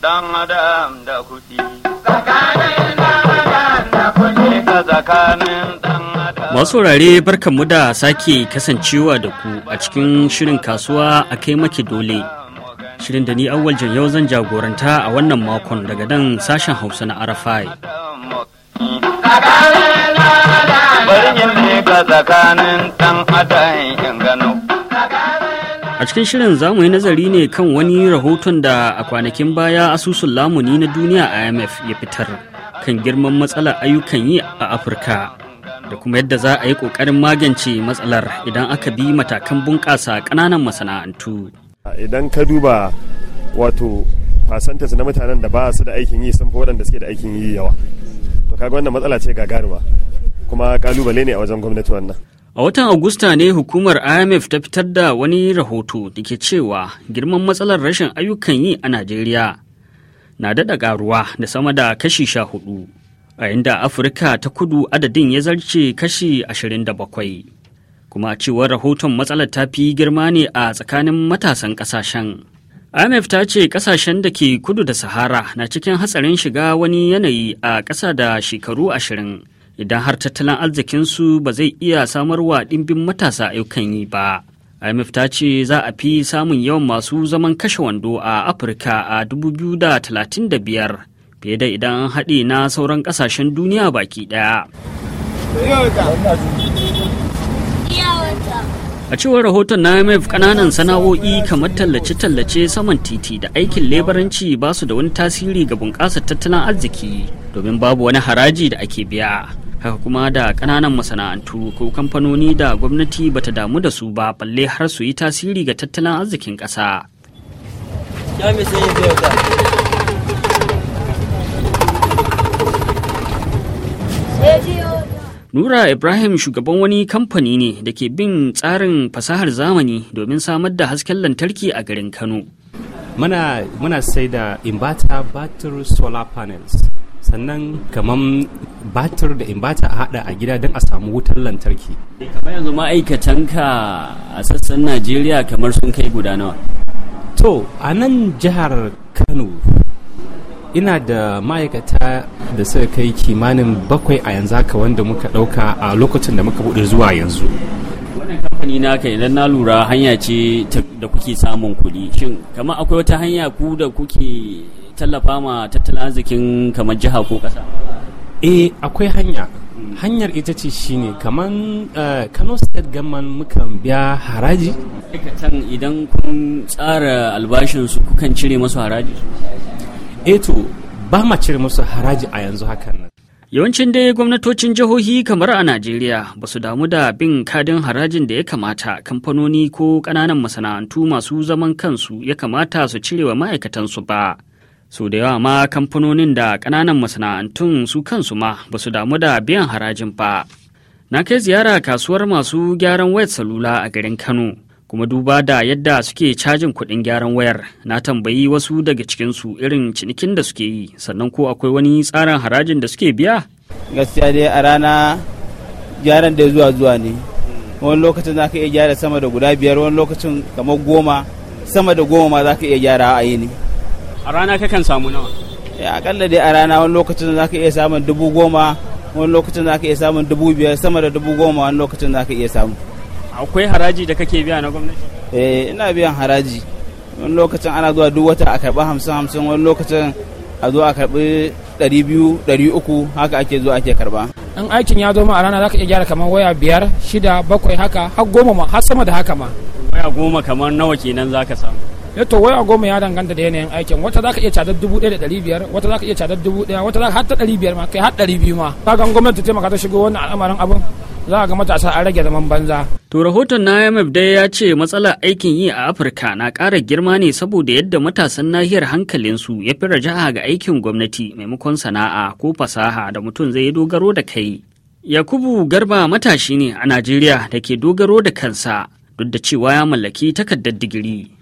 Dan adam da kuɗi. Masu wurare barkanmu da sake kasancewa da ku a cikin shirin kasuwa a kai maki dole. Shirin da ni awwal yau zan jagoranta a wannan makon daga dan sashen Hausa na Arafai. Bari yin tsakanin ɗan adam in gano cikin shirin za mu yi nazari ne kan wani rahoton da a kwanakin baya asusun lamuni na duniya imf ya fitar kan girman matsalar ayyukan yi a afirka da kuma yadda za a yi kokarin magance matsalar idan aka bi matakan bunƙasa ƙananan masana'antu idan ka duba wato fasantas na mutanen da ba su da aikin yi sun fi waɗanda suke da aikin yi yawa to kaga wannan matsala ce gagaruma kuma kalubale ne a wajen gwamnati wannan A watan Agusta ne hukumar IMF ta fitar da wani rahoto da ke cewa girman matsalar rashin ayyukan yi a Najeriya na daɗa ƙaruwa da sama da kashi sha hudu, a inda Afirka ta kudu adadin ya zarce kashi ashirin da bakwai. Kuma a cewar rahoton matsalar ta fi girma ne a tsakanin matasan ƙasashen. IMF ta ce ƙasashen da ke kudu da Sahara na cikin hatsarin shiga wani yanayi a ƙasa da shekaru ashirin. idan har tattalin arzikinsu ba zai iya samarwa ɗimbin matasa ayyukan yi ba. IMF ta ce za a fi samun yawan masu zaman kashe wando a Afirka a 2035 fiye da idan haɗe na sauran ƙasashen duniya baki ɗaya. A cewar rahoton na IMF ƙananan sana'o'i kamar tallace-tallace saman titi da aikin lebaranci ba su da wani tasiri ga bunƙasa tattalin arziki domin babu wani haraji da ake biya. haka kuma da kananan masana'antu ko kamfanoni da gwamnati bata damu da su ba balle har su yi tasiri ga tattalin arzikin ƙasa. Nura Ibrahim shugaban wani kamfani ne da ke bin tsarin fasahar zamani domin samar da hasken lantarki a garin Kano. Muna, muna sai da inverter battery solar panels sannan kamar batir da imbata a hada a gida don a samu wutar lantarki kamar yanzu ma'aikatan ka a sassan najeriya kamar sun kai guda nawa to a nan jihar kano ina da ma'aikata da suka kai kimanin bakwai a yanzu haka wanda muka dauka a lokacin da muka buɗe zuwa yanzu wannan kamfani naka idan na lura hanya ce da kuke samun kuɗi shin kamar akwai wata hanya ku da kuke tallafa ma tattalin arzikin kamar jiha ko kasa E eh, akwai hanya hanyar ita ce shine kamar eh, kano state gaman mukan biya haraji ma'aikatan idan kun tsara albashinsu kukan cire masu haraji eh to ba ma cire masu haraji a yanzu hakan nan Yawancin dai gwamnatocin jihohi kamar a Najeriya ba su damu da bin kadin harajin da ya kamata kamfanoni ko ƙananan masana'antu masu zaman kansu ya kamata su cire cirewa ma'aikatansu ba. su da yawa ma kamfanonin da kananan masana'antun su kansu ma ba su damu da biyan harajin ba na kai ziyara kasuwar masu gyaran wayar salula a garin kano kuma duba da yadda suke cajin kuɗin gyaran wayar na tambayi wasu daga cikin su irin cinikin da suke yi sannan ko akwai wani tsarin harajin da suke biya gaskiya dai a rana gyaran da zuwa zuwa ne wani lokacin za ka iya gyara sama da guda biyar wani lokacin kamar goma sama da goma ma za ka iya gyara a yini a rana kakan samu nawa ya eh, akalla dai a rana wani lokacin za ka iya samun dubu goma wani lokacin za ka iya samun dubu biyar sama da dubu goma wani lokacin za ka iya samu akwai haraji da kake biya na gwamnati eh ina biyan haraji wani lokacin ana zuwa duk wata a karɓi hamsin hamsin wani lokacin a zo a karɓi ɗari biyu ɗari uku haka ake zuwa ake karɓa in aikin ya zo ma a rana za ka iya gyara kamar waya biyar shida bakwai haka har goma ma har sama da haka ma waya goma kamar nawa kenan za ka samu ya eh, to waya goma ya danganta da yanayin aikin wata zaka iya cadar dubu ɗaya da ɗari biyar wata zaka iya cadar dubu ɗaya wata za ka ɗari biyar ma kai har ɗari biyu ma ga gwamnati taimaka ta shigo wannan al'amarin abin za a ga matasa a rage zaman banza. To rahoton na IMF dai ya ce matsalar aikin yi a Afirka na kara girma ne saboda yadda matasan nahiyar hankalinsu ya fi raja'a ga aikin gwamnati maimakon sana'a ko fasaha da mutum zai yi dogaro da kai. Yakubu Garba matashi ne a Najeriya da ke dogaro da kansa duk da cewa ya mallaki takardar digiri.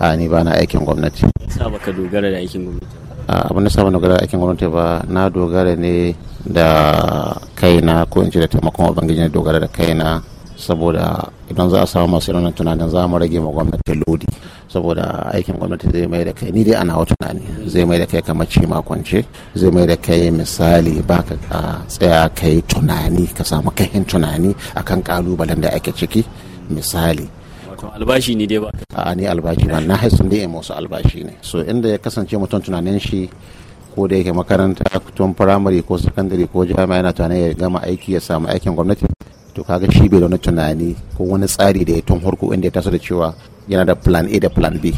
a ni ba na aikin gwamnati Saba ka dogara da aikin gwamnati abin da saba dogara da aikin gwamnati ba na dogara ne da kaina ko in ce da taimakon ubangiji na dogara da kaina saboda idan za a samu masu irin tunanin za mu rage ma gwamnati lodi saboda aikin gwamnati zai mai da kai ni dai ana wa tunani zai mai da kai kamar ce makwance zai mai da kai misali baka ka tsaya kai tunani ka samu kahin tunani akan kalubalen da ake ciki misali to albashi ne dai ba a ni albashi ba na ne in musu albashi ne so inda ya kasance mutum tunanin shi ko da yake makaranta tun firamare ko sakandare ko jami'a yana tunanin ya gama aiki ya samu aikin gwamnati to kaga shi bai da wani tunani ko wani tsari da ya tun harko inda ya taso da cewa yana da plan A da plan B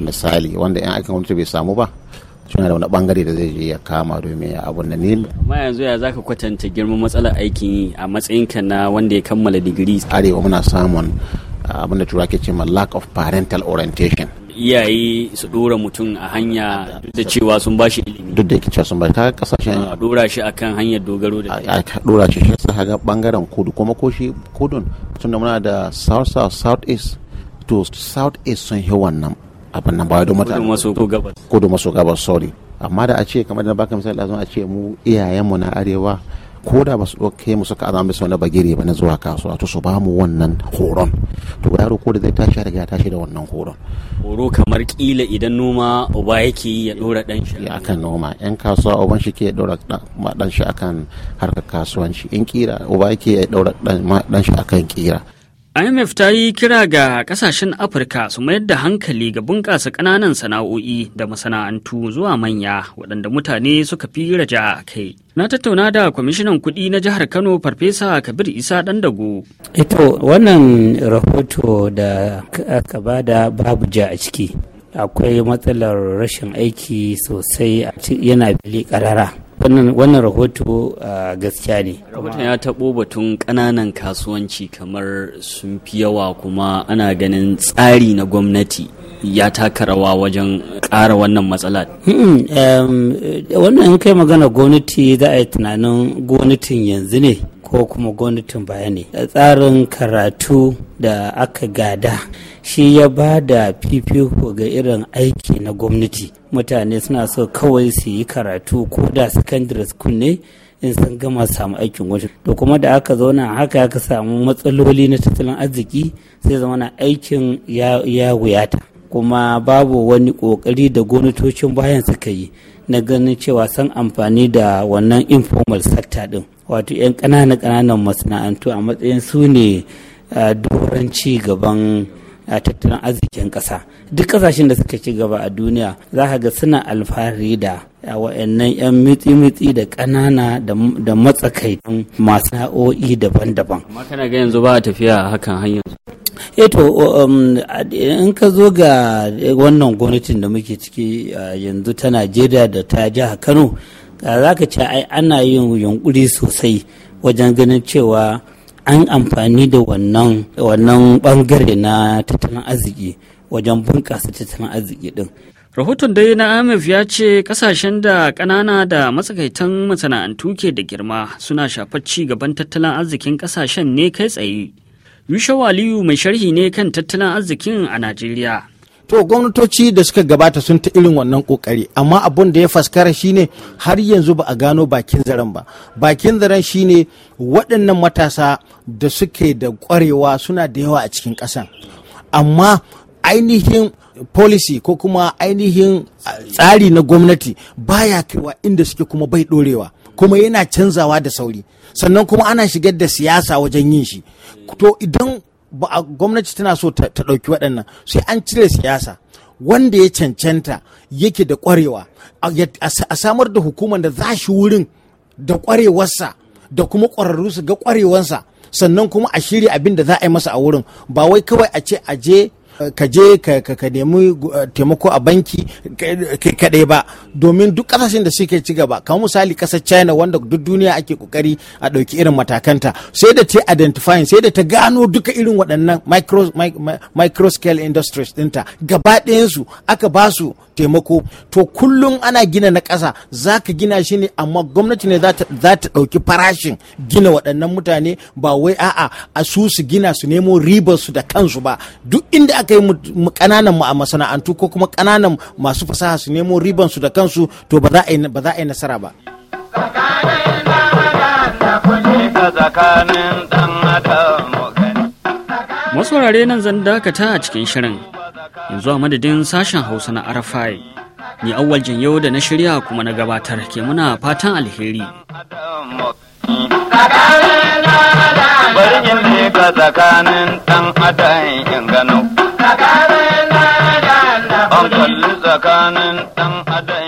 misali wanda yan aikin gwamnati bai samu ba suna da wani bangare da zai je ya kama domin ya abun da ne. amma yanzu ya zaka kwatanta girman matsalar aikin a matsayinka na wanda ya kammala digiri arewa muna samun abin da tura ce ma lack of parental orientation iyaye su dora mutum a hanya duk da cewa sun bashi ilimi duk da cewa sun bashi kaga kasashen a dora shi akan hanyar dogaro da a dora shi shi kaga bangaren kudu kuma ko shi kudun da muna da south south south east to south east sun yi wannan abin nan ba da mutane kudu maso gabas kudu maso gabas sorry amma da a ce kamar da baka misali a ce mu iyayen mu na arewa ko da ba su ɗauke mu suka azama bisa wani bagire ba na zuwa kasuwa to su ba mu wannan horon to yaro ko da zai tashi daga ya tashi da wannan horon horo kamar kila idan noma uba yake yi ya ɗora ɗan shi akan noma yan kasuwa uban shi ke ɗora ɗan shi akan harkar kasuwanci in kira uba yake ya ɗora ɗan shi akan kira IMF ta yi kira ga kasashen Afirka su mayar da hankali ga bunƙasa ƙananan sana'o'i da masana'antu zuwa manya waɗanda mutane suka fi raja a kai. Na tattauna da kwamishinan kuɗi na jihar Kano Farfesa Kabir Isa Dandago. Ito wannan rahoto da aka da babu ja a ciki. Akwai matsalar rashin aiki sosai yana fili ƙarara. wannan rahoto ah, gaskiya ne rahoton ya taɓo batun ƙananan kasuwanci kamar sun fi yawa kuma ana ganin tsari na gwamnati ya taka rawa wajen ƙara wannan matsala wannan kai magana gwamnati za a yi tunanin gwamnatin yanzu ne ko kuma gwamnatin baya ne tsarin karatu da aka gada shi ya ba da fifiko ga irin aiki na gwamnati mutane suna so kawai su yi karatu ko da secondary school ne in sun gama samu aikin gwamnati to kuma da aka zauna haka aka samu matsaloli na tattalin arziki sai zama na aikin ya wuyata kuma babu wani kokari da gwamnatocin bayan suka yi na ganin cewa san amfani da wannan informal sector din wato 'yan ƙananan ƙananan masana'antu a matsayin su ne doron ci gaban a tattalin arzikin ƙasa duk ƙasashen da suka ci gaba a duniya za ka ga suna alfahari da wa'annan 'yan mitsi-mitsi da ƙanana da matsakaitan masu na'o'i daban-daban. amma kana ga yanzu ba a tafiya hakan hanyar eto eh um, in ka zo ga wannan gwamnatin da muke ciki yanzu ta najeriya da ta jihar kano za ka ce ana yin yunkuri sosai wajen ganin cewa an amfani da wannan wannan bangare na tattalin arziki wajen bunƙasa tattalin arziki din rahoton dai na amif ya ce kasashen da ƙanana da matsakaitan masana'antu ke da girma suna shafar ci gaban tattalin arzikin kasashen ne kai tsaye Yusha Waliyu mai sharhi ne kan tattalin arzikin a najeriya to gwamnatoci da suka gabata sun ta irin wannan kokari amma abun da ya faskara shine har yanzu ba a gano bakin zaren ba bakin zaren shine waɗannan matasa da suke da ƙwarewa suna da yawa a cikin ƙasan amma ainihin policy ko kuma ainihin tsari na gwamnati baya kaiwa inda suke kuma bai ɗorewa kuma yana canzawa da sauri sannan kuma ana shigar da siyasa wajen yin shi to idan ba gwamnati tana so ta ɗauki waɗannan sai an cire siyasa wanda ya cancanta yake da ƙwarewa a samar da hukumar da za shi wurin da ƙwarewarsa da kuma ƙwararru su ga ƙwarewarsa sannan kuma a shirya abin da za a yi masa a wurin ba wai kawai a ce a je ka je ka nemi eh, taimako a banki kaɗai ba domin duk ƙasashen da suke ci gaba kamar misali ƙasar china wanda duk duniya ake kokari a ɗauki irin matakanta sai da ta identifying sai da ta gano duka irin waɗannan micro, micro scale industries ɗinta gaba su aka ba su taimako to kullum ana gina na ƙasa za ka gina shi ne amma gwamnati ne za ta ɗauki farashin gina waɗannan mutane ba wai a'a a su su gina su nemo ribarsu su da kansu ba duk inda aka yi ƙananan mu a masana'antu ko kuma ƙananan masu fasaha su nemo ribarsu su da kansu to ba za a yi nasara ba. Masaurare nan zan dakata a cikin shirin yanzu a madadin sashen hausa na arafai ni awwal yau da na shirya kuma na gabatar ke muna fatan alheri tsakanin ɗan